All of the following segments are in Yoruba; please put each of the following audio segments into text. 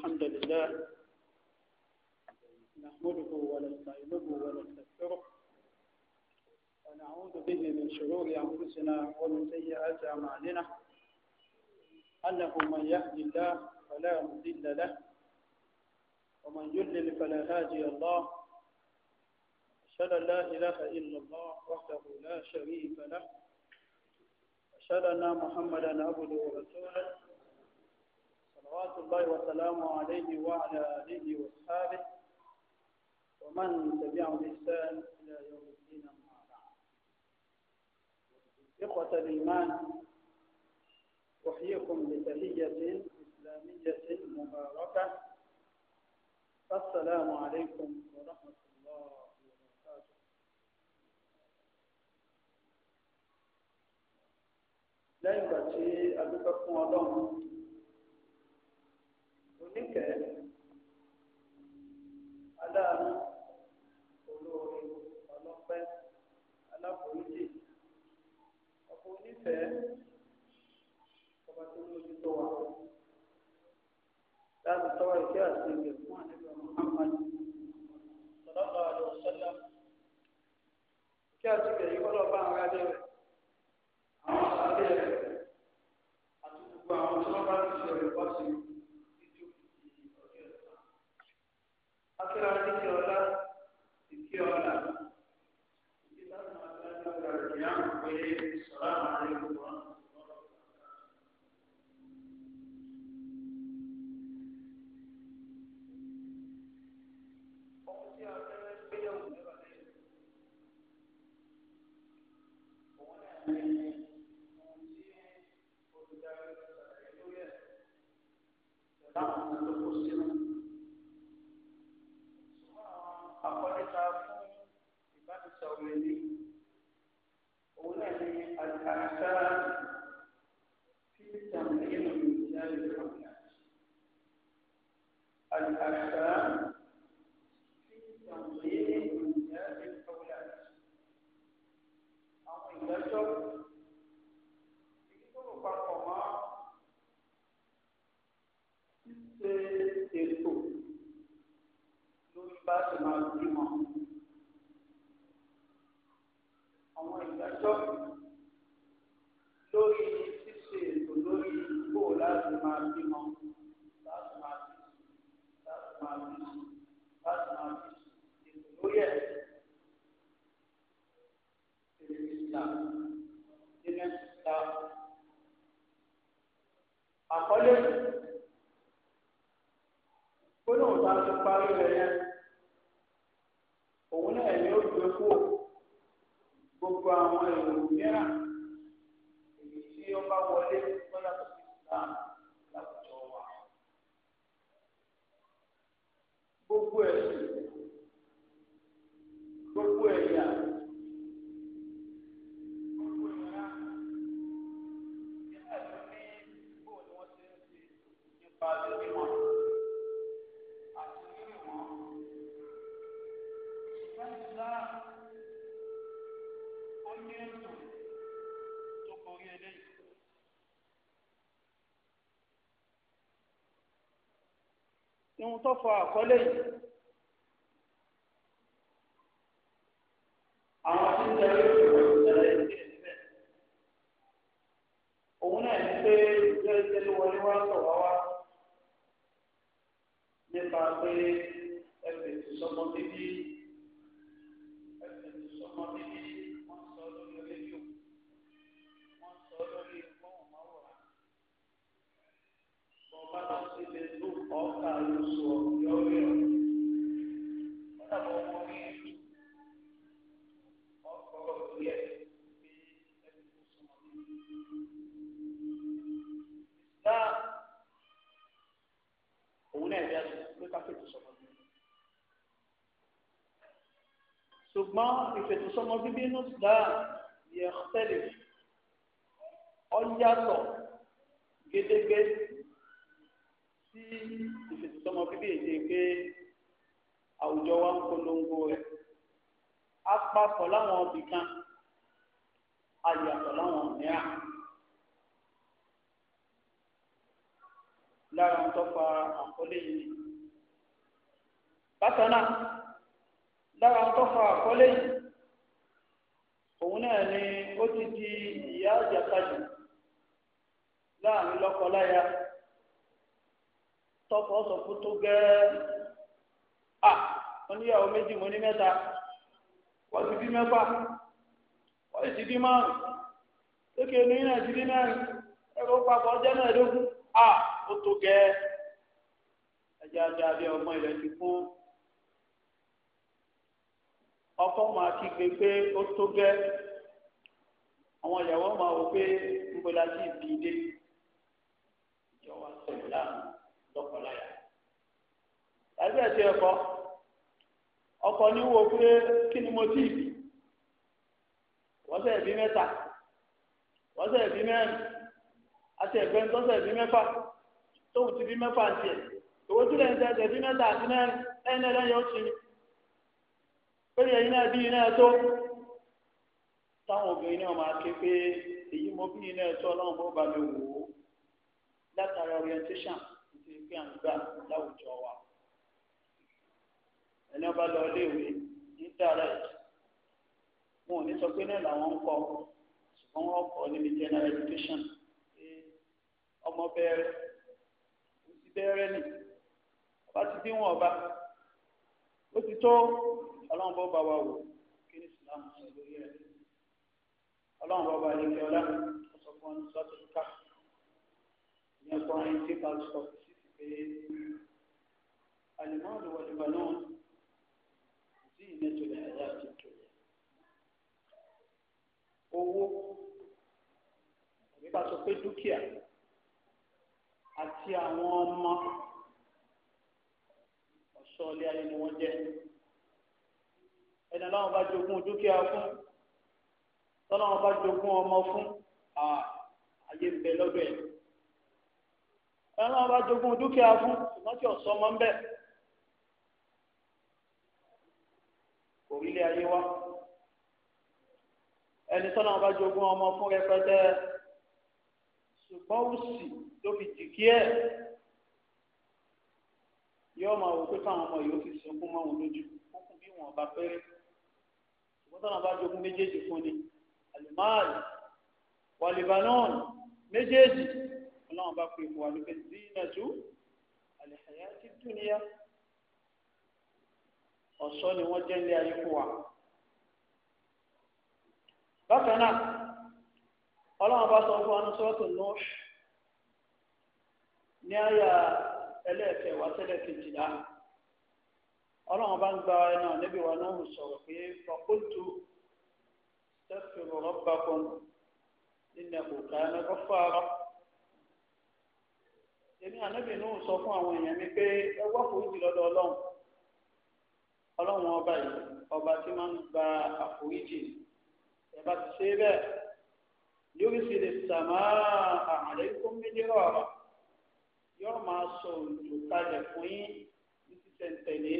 الحمد لله نحمده ونستعينه ونستغفره ونعوذ به من شرور أنفسنا ومن سيئات أعمالنا أنه من يهد الله فلا مضل له ومن يضلل فلا هادي الله أشهد أن لا إله إلا الله وحده لا شريك له أشهد أن محمدا عبده ورسوله صلوات الله وسلامه عليه وعلى آله وأصحابه ومن تبعهم بإحسان إلى يوم الدين أما بعد إخوة الإيمان أحييكم بتحية إسلامية مباركة السلام عليكم ورحمة الله وبركاته يبقى شيء أدوكم الله nífẹ̀ẹ́ ọba tó mójú tó wà láti tọ́wọ́ ìfẹ́ àti ìgbẹ́ fún àlejò Muhammad àti الأحسان في تمرين رجال الحملات الأحسان mẹ́rùn tó borí eléyìí. Ihun tó fọ àkọlé yìí. Àwọn tí ń tẹ̀lé ìwé ìṣẹ̀lẹ̀ ìdílé síbẹ̀. Òun náà ní pé ìjọ ìṣẹ̀lẹ̀ wọlé wá sọ̀rọ̀ wá nípa pé. ti lè tó ọ̀ọ́kà lóṣù ọ̀yọ́ rẹ̀ ọ̀ dàbọ̀ owó ní ìlú ọ̀pọ̀lọpọ̀ lórí ẹ̀ pé ẹni tó súnmọ́ ní Islam òun náà bí a sọ pé káfíńtì sọmọ bí ṣùgbọ́n ìfètòsọmọ bíbí inú Islam yẹ tẹ́lẹ̀ ọ yàtọ̀ gédégbé sí ìfètòsọ́mọ bíbí èdè pé àwùjọ wa ń polongo rẹ̀ apapọ̀ láwọn ibì kan ayàtọ̀ láwọn mìíràn lára ń tọ́pa àkọlé yìí bákan náà lára ń tọ́pa àkọlé yìí òun náà ni ó ti di ìyá àjàkadì láàrin lọ́kọ tọkọ sọ kó tó gẹ́ẹ́ à mo níyàwó méjì mo ní mẹ́ta wọ́n ti bí mẹ́fà wọ́n ti bí márùn lókè inú yìí náà ti bí mẹ́rin ẹ̀rọ papọ̀ ọjọ́ náà lógún à ó tó gẹ́ẹ́ ẹ̀jẹ̀ ajá bí ọmọ ilẹ̀ ti fún ọkọ máa kígbe pé ó tó gẹ́ẹ́ àwọn ìyàwó máa wò pé ń bọ́lá sí ìbí ìjọba sọ̀rọ̀ láàmú. àbí ẹ̀sẹ̀ ẹ̀kọ́ ọkọ ní wo pé kí ni mo ti bì wọ́n sẹ̀ bí mẹ́ta wọ́n sẹ̀ bí mẹ́rin àti ẹ̀gbẹ́ tó sẹ̀ bí mẹ́fà tóun ti bí mẹ́fà ń tiẹ̀ ìwé tí lẹ́yìn bí mẹ́ta àti mẹ́rin ti náà bí iná ẹ̀ tó táwọn obìnrin náà máa ké pé èyí mo bí iná ẹ̀ tó ọlọ́run bó ba mi wò ó látara orientation ti fi ẹni ọba lọ iléèwé indirect wọn ò ní sọ pé náà làwọn ń kọ ṣùgbọ́n wọ́n kọ níbi general education pé ọmọ bẹ̀rẹ̀ ó ti bẹ̀rẹ̀ nì ọba ti bí wọn ọba ó ti tó ọlọ́run bọ́ bá wa wò kí ni islam sọ lórí ẹ̀ ọlọ́run bọ́ bá yẹn ọlá ó fún ọdún sọ́tò ká ìyẹn kọ́ ẹni tí kà sọ sí ti pé alimọ́ọ̀lù wọlé balọ́ọ̀nù. زينة الحياة الدنيا owó nípa sọ pé dúkìá àti àwọn ọmọ ọ̀ṣọ́ ilé ayé ni wọ́n jẹ́ ẹni aláwọn bá jogún dúkìá fún tọ́láwọn bá jogún ọmọ fún ààyè ń bẹ lọ́dọ̀ ẹ̀ ẹni aláwọn bá jogún dúkìá fún ṣùgbọ́n tí ọ̀ṣọ́ ọmọ ń ilé ayé wa ẹni tọ́nà bá jogún ọmọ fún rẹpẹtẹ ṣùgbọ́n òsì tó fi jì kí ẹ̀ yóò máa wò pé káwọn ọmọ yìí ó fi sunkún mọ́ òun lójú kókùn bí wọn bá pẹ́rẹ́ ṣùgbọ́n tọ́nà bá jogún méjèèjì fún ni alimáàlì wàlìbánọ́ọ̀nù méjèèjì ọlọ́run bá pè fún wa lókè zínàtú àlẹ́hàyà ti dúnìyà ọ̀ṣọ́ ni wọ́n jẹ́ ilé ayé fún wa. bákan náà ọlọ́run bá sọ fún ọdún sọ́ọ̀tù náà ní àyà ẹlẹ́ẹ̀kẹ́ wá tẹ́lẹ̀ kejìlá ọlọ́run bá ń gba ẹnu ànábì wa náà sọ̀rọ̀ pé ọkùnjù tẹ́sìrò rọ́bà kan nínú ẹ̀kọ́ká ẹnẹ́kọ́ fáárọ́ èmi ànábì náà sọ fún àwọn èèyàn mi pé ẹ wá fòójì lọ́dọ̀ ọlọ́run ọlọ́run ọba yìí ọba tí máa ń gba àforíjì ẹ bá ti ṣe bẹ́ẹ̀ yóò sì lè sàmà alaykum midrara yóò máa sọ òjò kalẹ̀ fún yín ní sísẹ̀ntẹ̀lé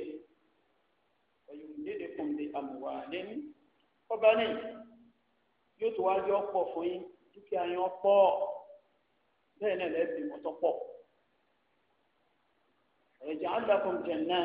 ọ̀yọ̀ nídìí fún mi àmùwà lẹ́nu ọba ní yóò tó wájú ọ̀pọ̀ fún yín dúkìá yín ọ̀pọ̀ bẹ́ẹ̀ náà lẹ́ẹ̀bì mọ́tọ́ pọ̀ ẹ̀jẹ̀ àdàkùn jẹ̀ náà.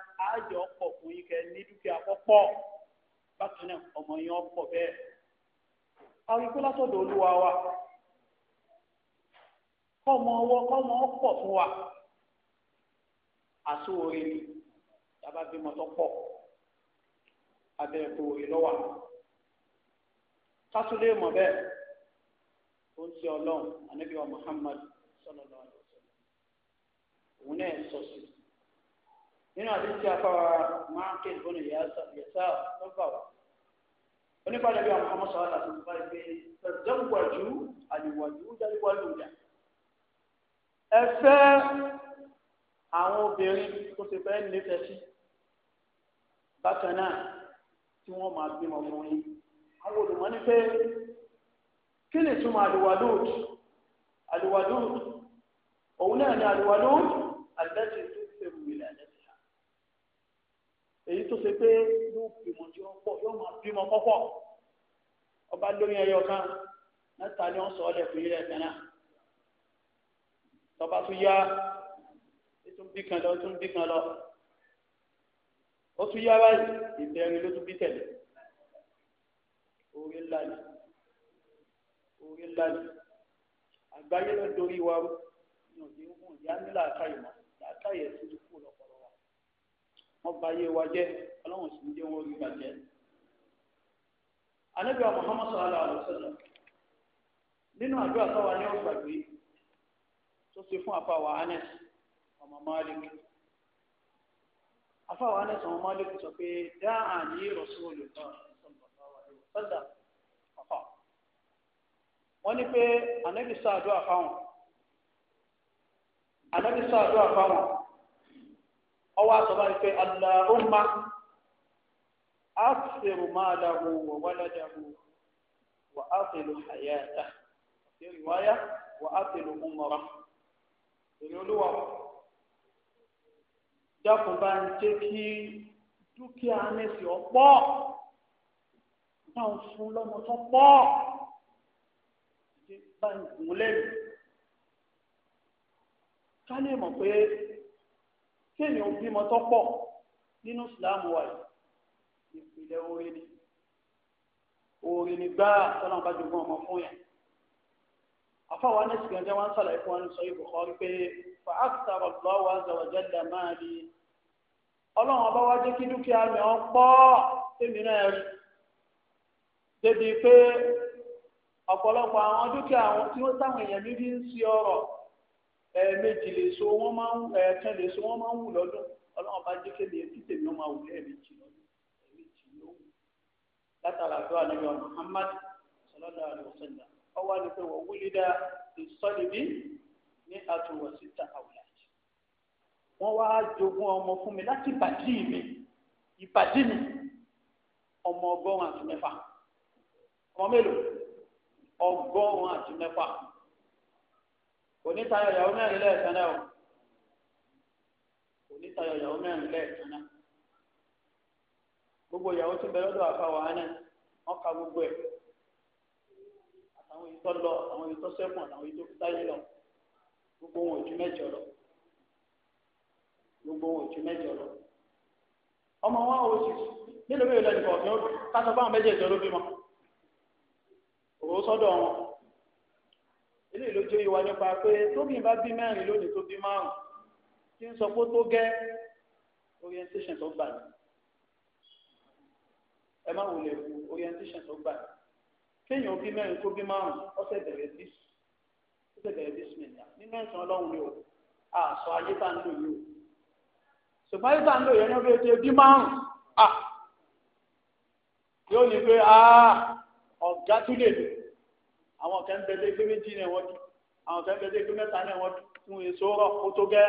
àjọ ọ̀pọ̀ fún yín kẹ́ a dúkìá pọ́pọ́ bákan na ọmọ yẹn ọ̀pọ̀ bẹ àwọn wa kọ́mọ ọwọ́ fún wa ni yàrá bímọ tó pọ̀ abẹ́ ìkòwòrè lọ́wọ́ kásúlé mọ̀ bẹ́ẹ̀ ó ń wa Muhammad sallallahu alaihi náà nínú àdéhùn afáwa máa ń ké ìbọn ìyáàsá ìyáàsá lọ́gbà wa onípàdé bíi àwọn ọmọ sọ̀rọ̀ láti bá ẹgbẹ́ ṣàdéhùwájú àdéhùwájú dáríwájú ìjà ẹ fẹ́ àwọn obìnrin tó ti fẹ́ nífẹ̀ẹ́ sí bákan náà tí wọ́n máa bímọ fún yín àwọn olùmọ̀ pé kí ni ìtumọ̀ àdéhùwádùn àdéhùwádùn òun náà ni àdéhùwádùn àdéhùwádùn èyí tó ṣe pé yóò bímọ tí ó pọ̀ yóò máa bímọ pọ́pọ̀ ọba lóyún ẹyọ kan mẹ́ta ni wọ́n sọ ọ́ lẹ́kùn yìí lẹ́sẹ̀ náà tọba tún yá tún bí kan lọ tún bí kan lọ ó tún yá báyìí ìbẹ̀rẹ̀ ló tún bí tẹ̀lé orí ńlá ni orí ńlá ni àgbáyé ló dorí wa ní òde ń hùn ìyá nílà àkàyè mọ́ àkàyè tuntun wọ́n bá yé wa jẹ́ ọlọ́run sì ń jẹ́ wọ́n rí bàjẹ́. ànábì wa Muhammad sallallahu alaihi wasallam nínú àdúrà táwa ní ọgbàgbé tó ṣe fún àfàwà anes ọmọ Malik àfàwà Anas ọmọ Malik sọ pé dáhà ní Rasulullah sallallahu alaihi wasallam ọ̀fà wọ́n ní pé ànábì sáà dúà fáwọn ànábì sáà dúà fáwọn ọwọ́ àtọ́lá ìpè aláhùnmá àṣìrò máa dàgbò wọ̀ wáládàgbò wà á tẹ̀lé àyàtà ìrìwáyà wà á tẹ̀lé ọmọrà èrè olúwa dákun bá ń jẹ́ kí dúkìá mẹ́sì ọ̀pọ̀ bá fún lọ́mọ tó pọ̀ bá ń gùn lẹ́nu ká lè mọ̀ pé kéèyàn ò bímọ tó pọ̀ nínú ìsìláàmù wa yìí ìpìlẹ̀ oore ni oore ni gbáà tọ́lọ́mù bá jogún ọmọ fún yẹn afọwọ́ ní sìgá jẹ́ wọ́n sàlàyé fún wọn sọ yìí Bukhari pé fa akthara Allahu azza wa jalla mali ọlọ́run ọba wá jẹ́ kí dúkìá mi ọ pọ̀ tèmi náà rí débi pé ọ̀pọ̀lọpọ̀ àwọn dúkìá àwọn tí wọ́n táwọn èèyàn mi fi ń sí ọrọ̀ ẹ̀ẹ̀mejì lè so wọ́n máa ń ẹ̀ẹ̀kan lè so wọ́n máa ń wù lọ́dún ọlọ́run bá jẹ́ kéde ẹbí tèmi ọmọ àwùjọ ẹ̀ẹ̀mejì lọ́dún ẹ̀ẹ̀mejì ló wù látara àdó ànábì wa Muhammad sallallahu alaihi wasallam ọwọ́ ni pé wọ́n wúlí dá ìsọ́lẹ̀bí ní àtúwọ̀sí ta àwùjọ wọ́n wá jogún ọmọ fún mi láti ìbàdí mi ìbàdí mi ọmọ ọgọ́rùn-ún àti mẹ́fà ọmọ mélòó ọgọ́rùn-ún àti mẹ́fà. onítayọ ìyàwó mẹ́rin lẹ́ẹ̀kan náà onítayọ ìyàwó mẹ́rin náà gbogbo ìyàwó tí ń bẹ lọ́dọ̀ àfàwọ hánà wọn ka gbogbo ẹ àtàwọn èyí lọ àwọn èyí tó àtàwọn gbogbo wọn ò ju gbogbo wọn ò ju ọmọ wọn ò sì kásán fáwọn ló bímọ òwò wọn. eléyìí ló jẹ́ ìwà nípa pé tóbi bá bí mẹ́rin lónìí tó bí márùn tí ń sọ pé tó gẹ́ orientation tó gbà ní ẹ má wulẹ̀ fún orientation tó gbà ní kéèyàn bí mẹ́rin tó bí márùn ọ̀sẹ̀ bẹ̀rẹ̀ bí ọ̀sẹ̀ bẹ̀rẹ̀ bí sìmẹ̀tà nínú ẹ̀sìn ọlọ́run ni o àṣọ ayé tá ń lò yìí o ṣùgbọ́n ayé tá ń lò yẹn ní ọdún ah! yóò ní pé ah! ọ̀gá tún lè lò àwọn kan bẹ dé pé méjì náà wọ́n dì àwọn kan bẹ dé pé mẹ́ta náà wọ́n dì fún èso rọ̀ kó tó gẹ́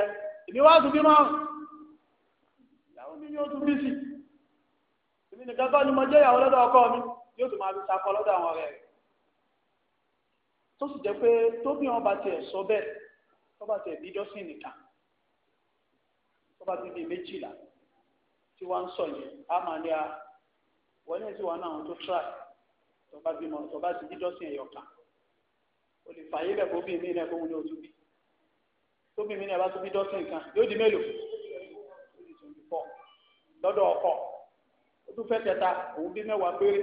èmi wá tún bí márùn ìyàwó mi ni o tún bí sí èmi nìkan kọ́ ni mo jẹ́ ìyàwó lọ́dọ̀ ọkọ mi yóò tún máa fi sakọ lọ́dọ̀ àwọn ọ̀rẹ́ rẹ̀ tó sì jẹ́ pé tóbi wọn bá tiẹ̀ sọ bẹ́ẹ̀ tó bá tiẹ̀ bíjọ́sìn nìkan tó bá ti di méjìlá tí wọ́n ń sọ yẹn á máa ní a wọlé tí wọn náà tó tíráì tó bá bímọ tó bá ti bíjọ́sìn ẹ̀yọ̀ kan o lè fàyè lẹ̀ fún bí mi náà kó wúlò tó bí tó bí mi náà bá tó bí dọ́sìn kan yóò di mélòó lọ́dọ̀ ọkọ ó tún fẹ́ tẹ̀ta òun bí mẹ́wàá péré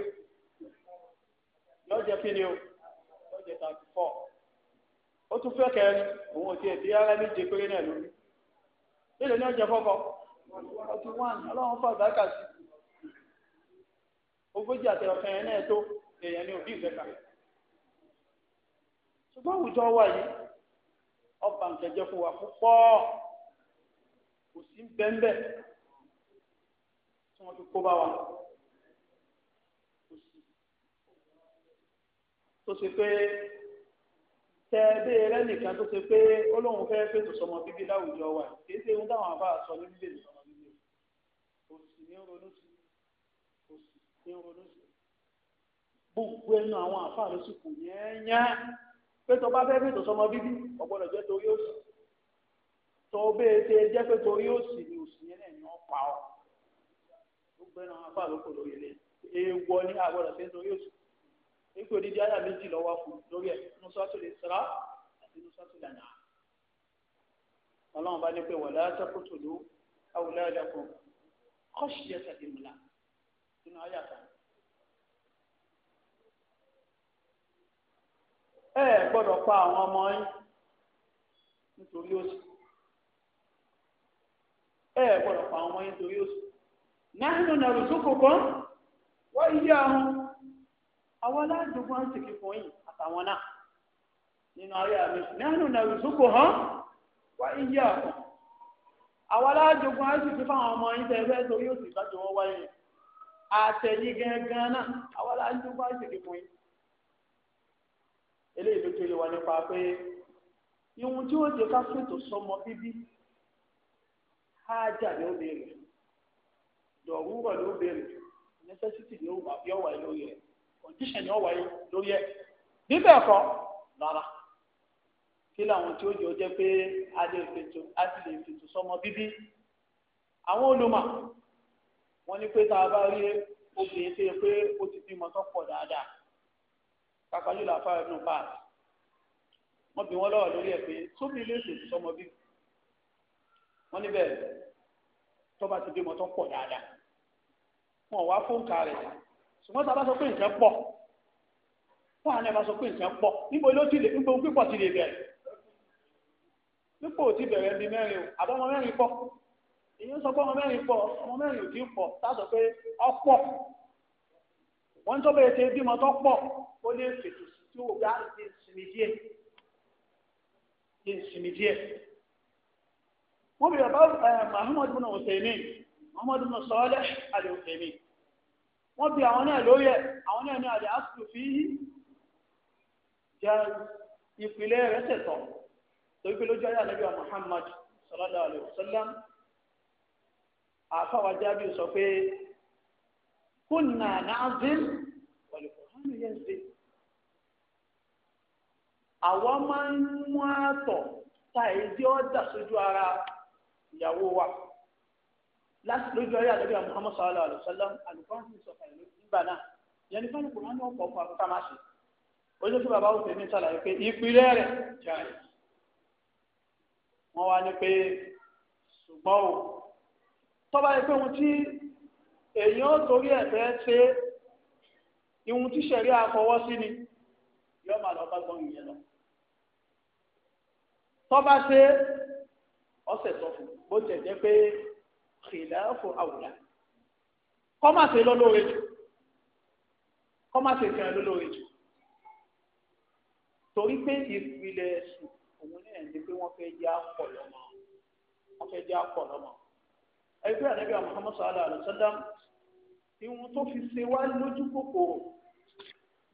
lọ́jọ́ kí ni o lọ́jọ́ tàbí fọ́ ó tún fẹ́ kẹrin òun ò tiẹ̀ bí ara méje péré náà lórí nílẹ̀ ní ọjọ́ fọ́kọ ọtún wà ní ọlọ́run fún àgbàkà sí ogójì àti ọ̀kan yẹn náà tó èèyàn ní òbí ìfẹ́ kan ṣùgbọ́n àwùjọ wa yìí ọba nkẹjẹ fún wa púpọ̀ kò sí bẹ́ńbẹ́ tí wọ́n fi kó bá wa kò sí tó ṣe pé tẹ́ẹ̀bẹ́ rẹ nìkan tó ṣe pé ó lóun fẹ́ fètò sọmọ bíbí láwùjọ wa kì ṣe ohun táwọn àbá sọ ní bíbí sọmọ bíbí kò sì ní ronú sí kò sì ní ronú sí gbogbo ẹnu àwọn àfáà ló sì kù yẹ́nyẹ́ pé tó bá fẹ́ fètò sọmọ bíbí ọgbọ́dọ̀ jẹ́ torí òsì tó bẹ́ẹ̀ ṣe jẹ́ pé torí òsì ni òsì yẹn náà ni wọ́n pa ọ́ ó gbé náà wọn fà lóko lórí ilé ewọ ní àgbọ̀dọ̀ ṣe torí òsì nípa odidi ayà méjì lọ́wọ́ fún lórí ẹ̀ nusratu lè sara àti nusratu lè nà ọlọ́run bá ní pé wala taqtulu awladakum khashyata imlaq nínú ayà kan ẹ gbọ́dọ̀ pa àwọn ọmọ yín nítorí òṣì ẹ gbọ́dọ̀ pa àwọn ọmọ yín nítorí òṣì nánú nàrùsùkù kan wọ́n yí àwọn àwọn aládùúgbò ń fún yìí àtàwọn náà nínú ayé àmì hàn wọ́n yí àwọn àwọn aládùúgbò fún àwọn ọmọ yín fẹ́ torí wáyé àtẹ̀yí eléyìí ló jẹ́ wa nípa pé ìhun tí ó jẹ ká fètò sọmọ bíbí ájà ni ó béèrè dọ̀rúrọ̀ ni ó béèrè necessity ni ó bí ọ̀wà yìí lórí condition ni ọ̀wà yìí lórí ẹ̀ bí bẹ́ẹ̀ kọ́ rárá kí làwọn tí ó jẹ jẹ pé a lè fètò a ti lè fètò sọmọ bíbí àwọn olùmọ̀ wọ́n ní pé tá a bá rí obìnrin tó yẹ pé ó ti bímọ tó pọ̀ dáadáa kápájú làáfà ẹnu báàsì wọ́n bí wọ́n lọ́wọ́ lórí ẹ̀ pé sómi ilé ìsèlú sọmọ bí wọ́n níbẹ̀ tọ́ba ti bímọ tó pọ̀ dáadáa wọn wá fóńkà rẹ̀ ṣùgbọ́n tá a bá sọ pé nǹkan pọ̀ fún àwọn ẹ̀ma sọ pé nǹkan pọ̀ níbo ló ti lè níbo pípọ̀ ti lè bẹ̀rẹ̀ nípò tí bẹ̀rẹ̀ mi mẹ́rin o àbọ̀mọ mẹ́rin pọ̀ èyí ń pé ọmọ mẹ́rin pọ̀ ọmọ mẹ́rin ò tí ń pọ̀ tá pé ọ̀pọ̀ wọ́n tó bẹ̀rẹ̀ ṣe bímọ tó pọ̀ ó lè fètò tí ó gbá ṣe sinmi díẹ̀ ṣe sinmi díẹ̀. wọ́n bẹ̀rẹ̀ bá Muhammad bin Usaimin Muhammad bin Salih al-Usaimin wọ́n bí àwọn náà lóye àwọn náà ní àlẹ́ àsìkò fi jẹ́ ìpìlẹ̀ rẹ̀ tẹ̀tọ̀ torí pé lójú ayé àlẹ́bí wa Muhammad sallallahu alayhi àfọwájá bí sọ pé. كنا نعزل والقرآن ينزل àwa máa ń mú àtọ̀ ta èdè ọ̀dà sójú ara ìyàwó wa láti lójú ayé àdébí àwọn Muhammad sallallahu alayhi wa sallam alùpàá ní sọ̀kà ìlú nígbà náà yẹn ní fáwọn kùnà ní ọ̀pọ̀ ọ̀pọ̀ àkókò àmàṣe oníṣẹ́ tí bàbá òfin mi sàlàyé pé ìpìlẹ̀ rẹ̀ jáde wọ́n wá ní pé ṣùgbọ́n o tọ́ba yẹ pé ohun tí èèyàn torí ẹ̀fẹ́ ṣe ihun tí sẹ̀rí àfọwọ́ sí ni yóò máa lọ bá gbọ́n ìyẹn lọ. tọ́ba ṣe ọ̀sẹ̀ sọ fún bó tẹ̀ jẹ́ pé kìlá fún àwùlá kọ́màṣe lọ́lọ́rẹ́ jù kọ́màṣe kẹrin lọ́lọ́rẹ́ jù torí pé ìpìlẹ̀ ẹ̀sùn òun náà ní pé wọ́n fẹ́ jẹ́ àpọ̀ lọ́mọ wọ́n fẹ́ jẹ́ àpọ̀ lọ́mọ ẹgbẹ́ ànábì Muhammad sallallahu alaihi wasallam ìwọ̀n tó fi ṣe wá lójú kòkòrò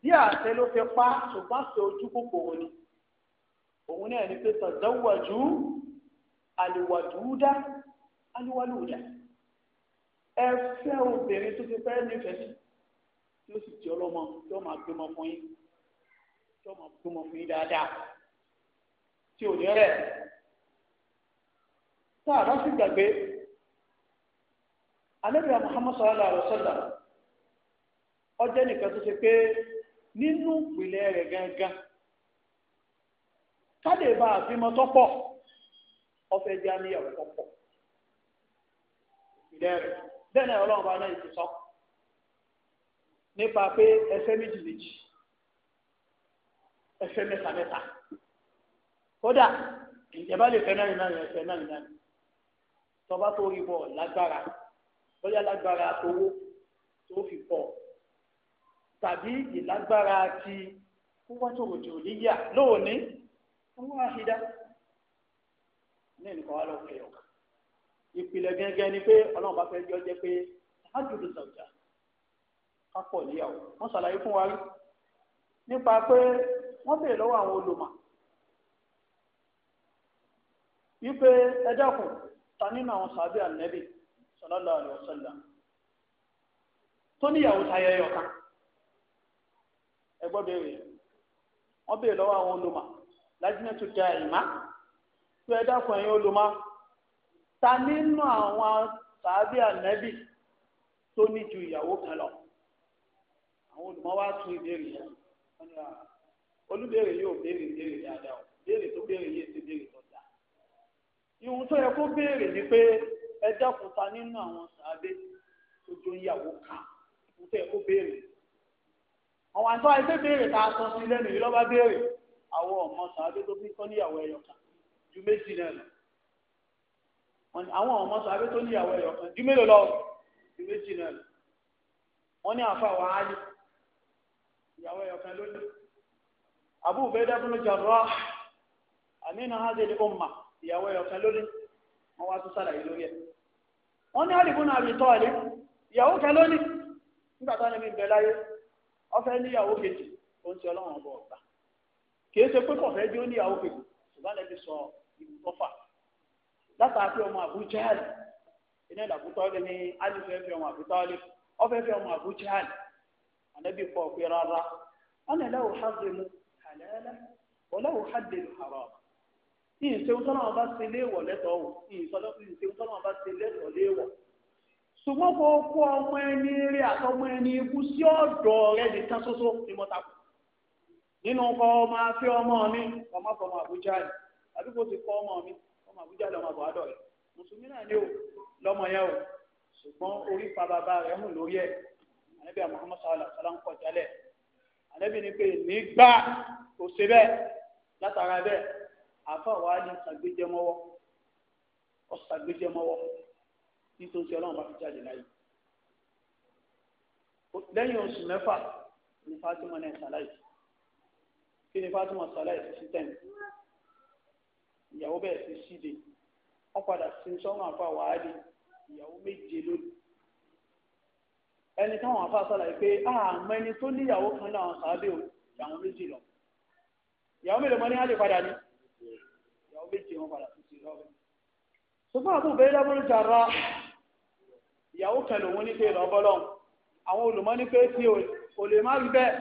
bí àṣẹ ló fẹ́ pa ṣùgbọ́n ṣe ojú kòkòrò ni òun náà ní pé tazawwaju àlùwàdúdá àlùwàlúdá ẹ fẹ́ obìnrin tó ti fẹ́ nífẹ̀ẹ́ sí tí ó sì jẹ́ ọlọ́mọ tí ó máa gbọmọ fún yín tí ó máa gbọmọ fún yín dáadáa tí ò ní rẹ̀ tá a bá sì gbàgbé alẹ́bíà muhammad sallallahu alayhi wa sallam ọjọ́ nìkan tó ṣe pé nínú ìpìlẹ̀ rẹ̀ gangan káde bá àfimọ́ tó pọ̀ ọfẹ́ jẹ́ àníyàwó tó pọ̀ ìpìlẹ̀ rẹ̀ bẹ́ẹ̀ náà ọlọ́run bá náà ti sọ nípa pé ẹsẹ̀ méjì méjì ẹsẹ̀ mẹ́ta mẹ́ta kódà ìjẹba lè fẹ́ náà nínú ẹsẹ̀ náà nínú tọba tó rí bọ̀ lágbára bóyá lágbára owó tó fi pọ̀ tàbí ìlágbára ti wíwá tó rò jò níyà lóòní owó àṣìdá ní nǹkan wà lọ́kẹ́ ìpìlẹ̀ gẹ́gẹ́ ni pé ọlọ́run bá fẹ́ jọ jẹ́ pé àjùdù sọ̀jà kápọ̀ níyàwó wọ́n ṣàlàyé fún wa rí nípa pé wọ́n béèrè lọ́wọ́ àwọn olùmọ̀ wípé ẹ dákun ta nínú àwọn sàbẹ̀ ànẹ́bì sallallahu alaihi wasallam tó níyàwó tayọ ẹyọ kan ẹgbọ́n béèrè wọ́n béèrè lọ́wọ́ àwọn olùmọ̀ lájúmọ́ tó da ìmá tó ẹ dákun ẹ̀yin olùmọ̀ ta nínú àwọn sàábì ànẹ́bì tó ní ju ìyàwó kan lọ àwọn olùmọ̀ wá tún ìbéèrè yẹn wọ́n ní olùbéèrè yóò béèrè ìbéèrè dáadáa o béèrè tó béèrè yìí ti béèrè tó dáa ìhun tó yẹ kó béèrè ni pé ẹ dákun ta nínú àwọn sàádé ojú ìyàwó kan nítorí ẹ̀kọ́ béèrè àwọn àtọ́ ẹgbẹ́ béèrè tá a sọ sí lẹ́nu yìí lọ́ba béèrè àwọn ọmọ sàádé tó bí tọ́ níyàwó ẹyọ kan ju méjì náà lọ àwọn ọmọ sàádé tó níyàwó ẹyọ kan ju mélòó lọ ju méjì náà lọ wọn ní àfa wàhálì ìyàwó ẹyọ kan lónìí Abu Ubaida bin Jarrah àmì náà dé ní ọmọ ìyàwó ẹyọ kan lónìí wọn wá tún sàlàyé lórí ẹ wọ́n ní na àbí tọ́ọ̀lì ìyàwó kẹ lónìí nígbà tó ní bí bẹ láyé ọfẹ́ níyàwó kejì ó ń ti ọlọ́run ọgbọ ọgbà kìí ṣe pé kọfẹ́ jó níyàwó kejì ṣùgbọ́n sọ ìlú tọ́fà látàá fi ọmọ àbújá àlì iná ìdàbù tọ́ọ̀lì ní alifẹ́ fi ọmọ àbújá àlì ọfẹ́ fi ọmọ àbújá pọ̀ pé rárá ọ̀nà hàdìmù ìṣeun tọ́nà wọn bá ṣe léèwọ̀ lẹ́tọ̀ọ́ wò ìṣeun tọ́nà wọn bá ṣe lẹ́tọ̀ọ́ léèwọ̀ ṣùgbọ́n kò kó ọmọ ẹni rí àtọmọ ẹni ikú sí ọ̀dọ̀ rẹ nìkan ṣoṣo ni mo ta kù nínú kọ ọmọ afẹ́ ọmọ mi ọmọ afọmọ àbújá rẹ àbí kò ti kọ ọmọ mi ọmọ àbújá lọmọ àbọ̀ àdọ̀ rẹ mùsùlùmí náà ni ó lọmọ yẹn o ṣùgbọ́n orí pa bàbá rẹ hùn lórí ẹ̀ ànábì Muhammad sallallahu alaihi wasallam ń kọ jálẹ̀ ànábì ni pé nígbà kò ṣe bẹ́ẹ̀ látara bẹ́ẹ̀ Afa á ní ṣàgbéjẹmọ́wọ́ ọ̀ṣàgbéjẹmọ́wọ́ nítorí ọlọ́run bá fi jáde láyé lẹ́yìn oṣù mẹ́fà ní Fatima náà ṣàlàyé kí ni Fatima ṣàlàyé sí tẹ́ǹ ìyàwó bẹ́ẹ̀ sí síde wọ́n padà sí sọ́run àfàwọ̀ á ní ìyàwó méje lónìí ẹni táwọn afa ṣàlàyé pé àmọ́ ẹni tó níyàwó kan náà sábẹ́ o ìyàwó méjì lọ ìyàwó mélòó mọ́ ní á lè padà ní péjì wọn padà tó ti lọ́wọ́. ṣùgbọ́n àbúrò bẹ́ẹ̀ lábúrò jàrá ìyàwó kan lòun ní pé ìrànbọ́lọ́ àwọn olùmọ́ ní pé tí o lè má rí bẹ́ẹ̀